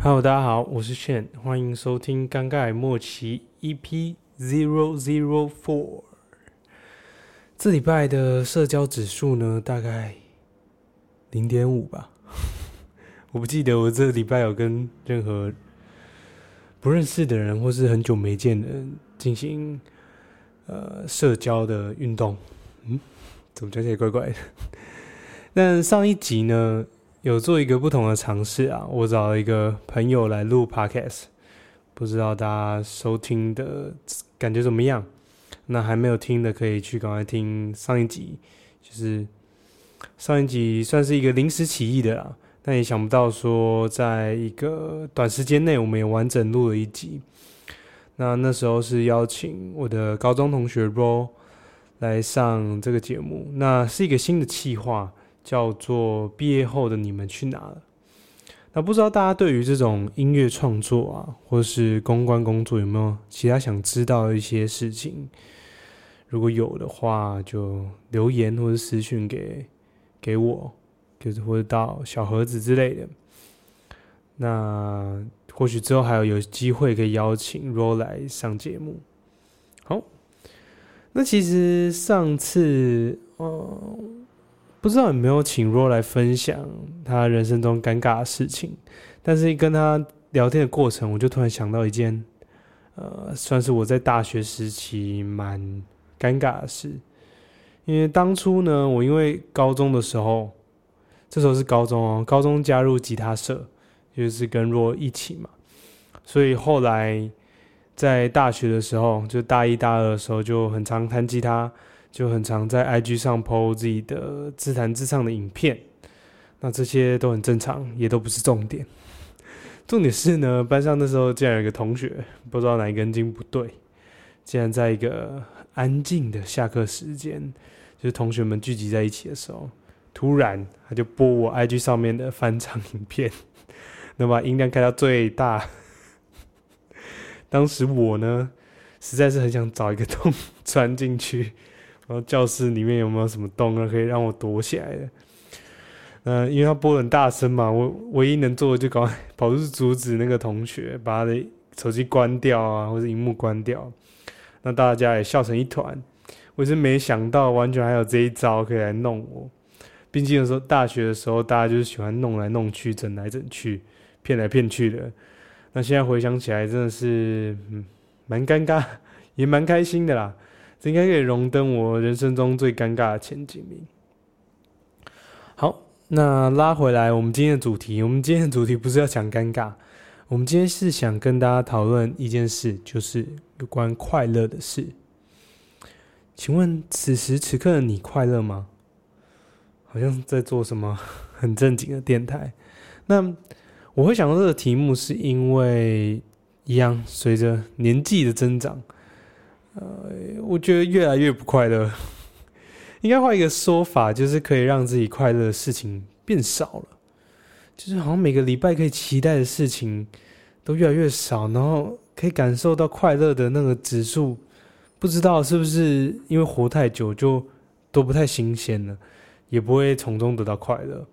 Hello，大家好，我是 Chen，歡迎收聽《尷尬莫奇》EP Zero Zero Four。這禮拜的社交指數呢，大概，零點五吧，我不記得我這禮拜有跟任何不認識的人，或是很久沒見的人進行呃社交的運動，嗯，總覺得也怪怪的。但上一集呢，有做一個不同的嘗試啊，我找了一個朋友來錄 podcast，不知道大家收聽的感覺怎麼樣？那還沒有聽的可以去趕快聽上一集，就是。上一集算是一個臨時起意的啦，但也想不到說，在一個短時間內，我們也完整錄了一集。那那時候是邀請我的高中同學 RO 來上這個節目，那是一個新的企劃，叫做“畢業後的你們去哪了”。那不知道大家對於這種音樂創作啊，或是公關工作，有沒有其他想知道的一些事情？如果有的話，就留言或者私訊給。給我，就是或者到小盒子之類的。那或許之後還有有機會可以邀請 Ro 來上節目。好，那其實上次，嗯、呃，不知道有沒有請 Ro 來分享他人生中尷尬的事情。但是一跟他聊天的過程，我就突然想到一件，呃，算是我在大學時期蠻尷尬的事。因為當初呢，我因為高中的時候，這時候是高中哦，高中加入吉他社，就是跟若一起嘛，所以後來在大學的時候，就大一大二的時候就很常彈吉他，就很常在 IG 上 po 自己的自彈自唱的影片，那這些都很正常，也都不是重點，重點是呢，班上那時候竟然有一個同學，不知道哪根筋不對，竟然在一個。安靜的下課時間，就是同學們聚集在一起的時候。突然，他就播我 IG 上面的翻唱影片，能把音量開到最大。當時我呢，實在是很想找一個洞鑽進去，然後教室裡面有沒有什麼洞啊，可以讓我躲起來的？嗯、呃，因為他播很大聲嘛，我唯一能做的就搞跑出去阻止那個同學，把他的手機關掉啊，或者熒幕關掉。那大家也笑成一團，我也是沒想到完全還有這一招可以來弄我。畢竟有時候大學的時候，大家就是喜歡弄來弄去、整來整去、騙來騙去的。那現在回想起來，真的是嗯，蠻尷尬，也蠻開心的啦。這應該可以榮登我人生中最尷尬的前幾名。好，那拉回來我們今天的主題。我們今天的主題不是要講尷尬。我們今天是想跟大家討論一件事，就是有關快樂的事。請問此時此刻的你快樂嗎？好像在做什麼很正經的電台。那我會想到這個題目，是因為一樣隨着年紀的增長，呃，我覺得越來越不快樂。應該換一個說法，就是可以讓自己快樂的事情變少了。就是好像每個禮拜可以期待的事情都越來越少，然後可以感受到快樂的那個指數，不知道是不是因為活太久就都不太新鮮了，也不會從中得到快樂。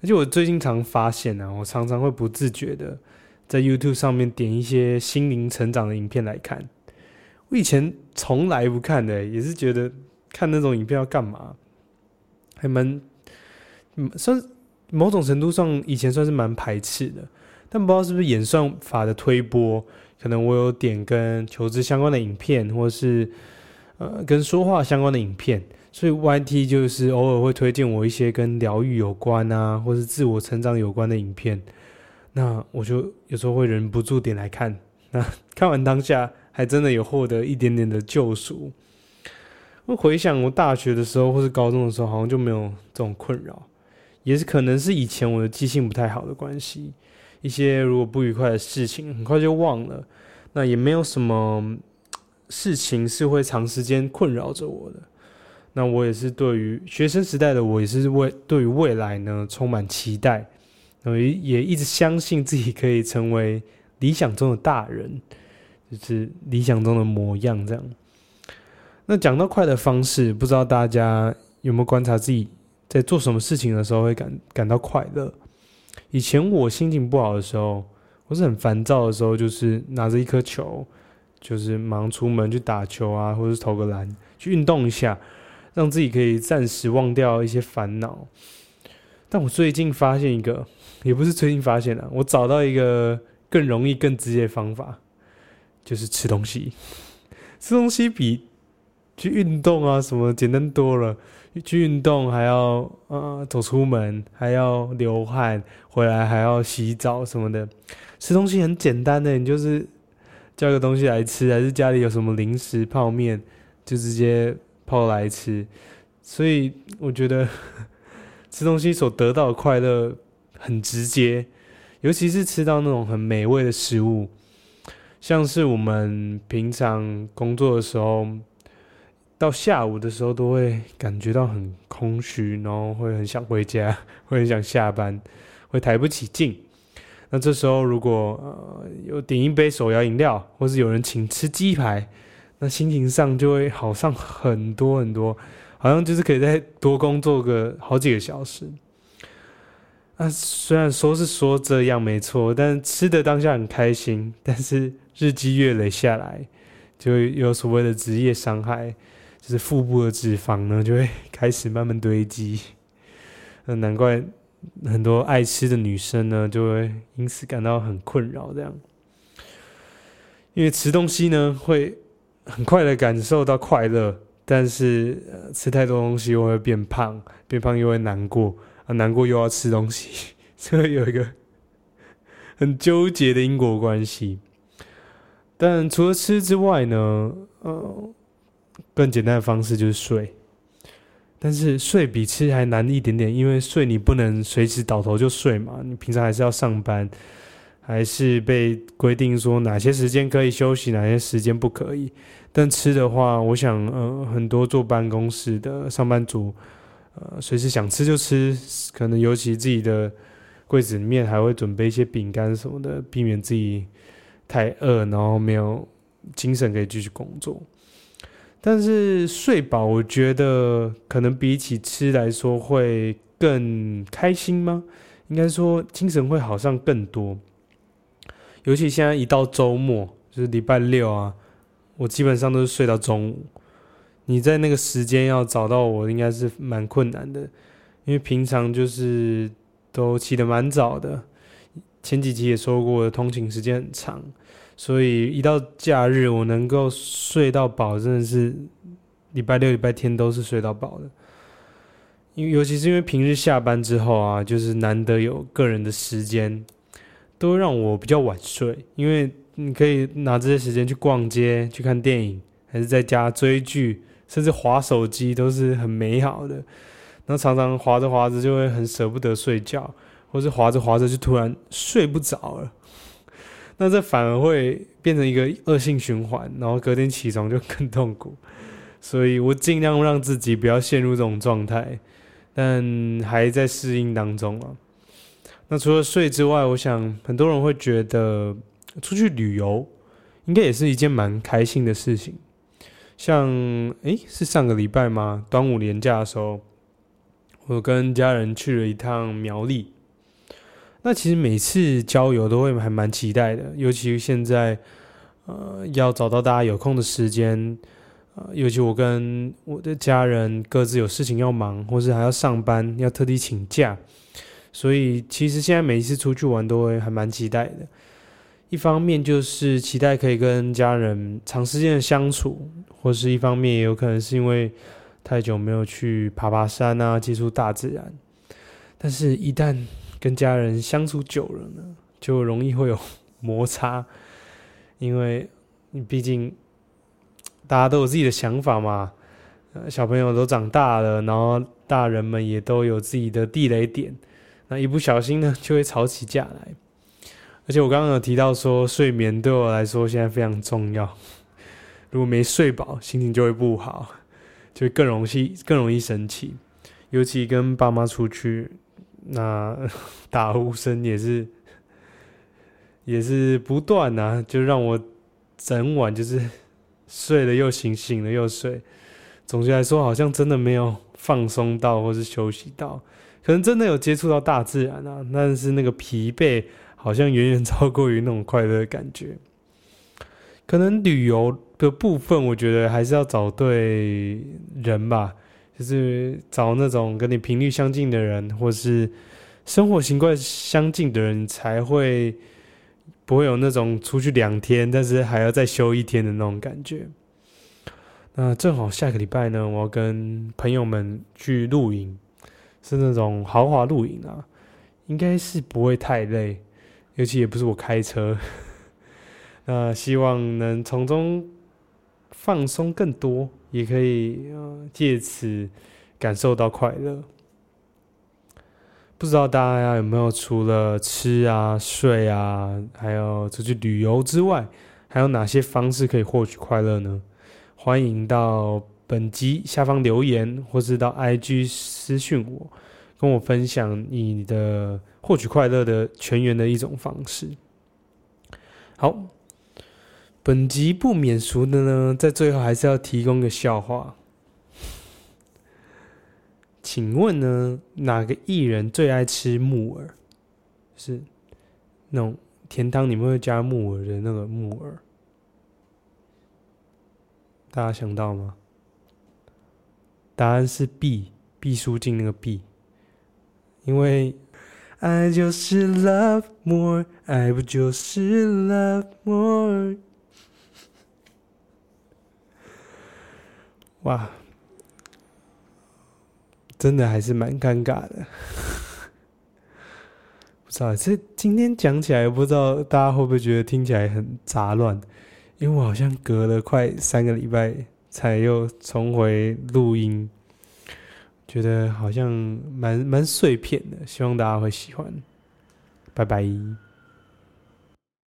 而且我最近常發現呢、啊，我常常會不自覺的在 YouTube 上面點一些心靈成長的影片來看，我以前從來不看的，也是覺得看那種影片要幹嘛？還蠻，算是。某種程度上，以前算是蠻排斥的，但不知道是不是演算法的推播，可能我有點跟求知相關的影片，或是呃跟說話相關的影片，所以 YT 就是偶爾會推薦我一些跟療癒有關啊，或是自我成長有關的影片，那我就有時候會忍不住點來看，那看完當下還真的有獲得一點點的救贖。我回想我大學的時候，或是高中的時候，好像就沒有這種困擾。也是可能是以前我的記性不太好的關係，一些如果不愉快的事情很快就忘了，那也沒有什麼事情是會長時間困擾着我的。那我也是對於學生時代的我也是為對於未來呢充滿期待，那也一直相信自己可以成為理想中的大人，就是理想中的模樣這樣。那講到快的方式，不知道大家有沒有觀察自己。在做什麼事情的時候會感感到快樂。以前我心情不好的時候，我是很煩躁的時候，就是拿着一顆球，就是忙出門去打球啊，或者是投個籃，去運動一下，讓自己可以暫時忘掉一些煩惱。但我最近發現一個，也不是最近發現的，我找到一個更容易、更直接的方法，就是吃東西。吃東西比。去運動啊，什麼簡單多了。去運動還要啊，走出門還要流汗，回來還要洗澡什麼的。吃東西很簡單的，你就是叫個東西來吃，還是家裡有什麼零食、泡麵，就直接泡來吃。所以我覺得吃東西所得到的快樂很直接，尤其是吃到那種很美味的食物，像是我們平常工作的時候，到下午的時候都會感覺到很空虛，然後會很想回家，會很想下班，會抬不起勁。那這時候如果，呃，有點一杯手搖飲料，或是有人請吃雞排，那心情上就會好上很多很多，好像就是可以再多工作個好幾個小時。那雖然說是說這樣沒錯，但吃的當下很開心，但是日積月累下來，就有所謂的職業傷害。就是腹部的脂肪呢，就會開始慢慢堆積。難怪很多愛吃的女生呢，就會因此感到很困擾。這樣，因為吃東西呢，會很快的感受到快樂，但是吃太多東西又會變胖，變胖又會難過，啊，難過又要吃東西，所以有一個很糾結的因果關係。但除了吃之外呢，嗯。更簡單的方式就是睡，但是睡比吃還難一點點，因為睡你不能隨時倒頭就睡嘛，你平常還是要上班，還是被規定說哪些時間可以休息，哪些時間不可以。但吃的話，我想，呃，很多坐辦公室的上班族，呃，隨時想吃就吃，可能尤其自己的櫃子裡面還會準備一些餅乾什麼的，避免自己太餓，然後沒有精神可以繼續工作。但是睡飽，我覺得可能比起吃來說會更開心嗎？應該說精神會好上更多。尤其現在一到週末，就是禮拜六啊，我基本上都是睡到中午。你在那個時間要找到我，應該是蠻困難的，因為平常就是都起得蠻早的。前幾集也說過，我的通勤時間很長，所以一到假日，我能夠睡到飽，真的是禮拜六、禮拜天都是睡到飽的。因尤其是因為平日下班之後啊，就是難得有個人的時間，都讓我比較晚睡。因為你可以拿這些時間去逛街、去看電影，還是在家追劇，甚至滑手機，都是很美好的。那常常滑着滑着，就會很捨不得睡覺。或是滑着滑着就突然睡不着了，那這反而會變成一個惡性循環，然後隔天起床就更痛苦。所以我盡量讓自己不要陷入這種狀態，但還在適應當中啊。那除了睡之外，我想很多人會覺得出去旅遊應該也是一件蠻開心的事情。像哎、欸，是上個禮拜嗎？端午連假的時候，我跟家人去了一趟苗栗。那其實每次郊遊都會還蠻期待的，尤其現在，呃，要找到大家有空的時間，呃，尤其我跟我的家人各自有事情要忙，或是還要上班，要特地請假，所以其實現在每一次出去玩都會還蠻期待的。一方面就是期待可以跟家人長時間的相處，或是一方面也有可能是因為太久沒有去爬爬山啊，接觸大自然，但是一旦跟家人相處久了呢，就容易會有摩擦，因為你畢竟大家都有自己的想法嘛。小朋友都長大了，然後大人們也都有自己的地雷點，那一不小心呢，就會吵起架來。而且我剛剛有提到說，睡眠對我來說現在非常重要，如果沒睡飽，心情就會不好，就會更容易更容易生氣，尤其跟爸媽出去。那、啊、打呼聲也是，也是不斷啊，就讓我整晚就是睡了又醒，醒了又睡。總之來說，好像真的沒有放鬆到，或是休息到。可能真的有接觸到大自然啊，但是那個疲憊好像遠遠超過於那種快樂的感覺。可能旅遊的部分，我覺得還是要找對人吧。就是找那種跟你頻率相近的人，或是生活習慣相近的人，才會不會有那種出去兩天，但是還要再休一天的那種感覺。那正好下個禮拜呢，我要跟朋友們去露營，是那種豪華露營啊，應該是不會太累，尤其也不是我開車。 那希望能從中放鬆更多。也可以借此感受到快樂。不知道大家有沒有除了吃啊、睡啊，還有出去旅遊之外，還有哪些方式可以獲取快樂呢？歡迎到本集下方留言，或是到 IG 私訊我，跟我分享你的獲取快樂的全員的一種方式。好。本集不免俗的呢，在最後還是要提供個笑話。請問呢，哪個藝人最愛吃木耳，是那種甜湯裡面會加木耳的那個木耳，大家想到嗎？答案是 B，畢書盡那個 B，因為愛就是 love more，愛不就是 love more。哇，真的還是蠻尷尬的，呵呵，不知道這今天講起來，不知道大家會不會覺得聽起來很雜亂，因為我好像隔了快三個禮拜才又重回錄音，覺得好像蠻蠻碎片的，希望大家會喜歡，拜拜。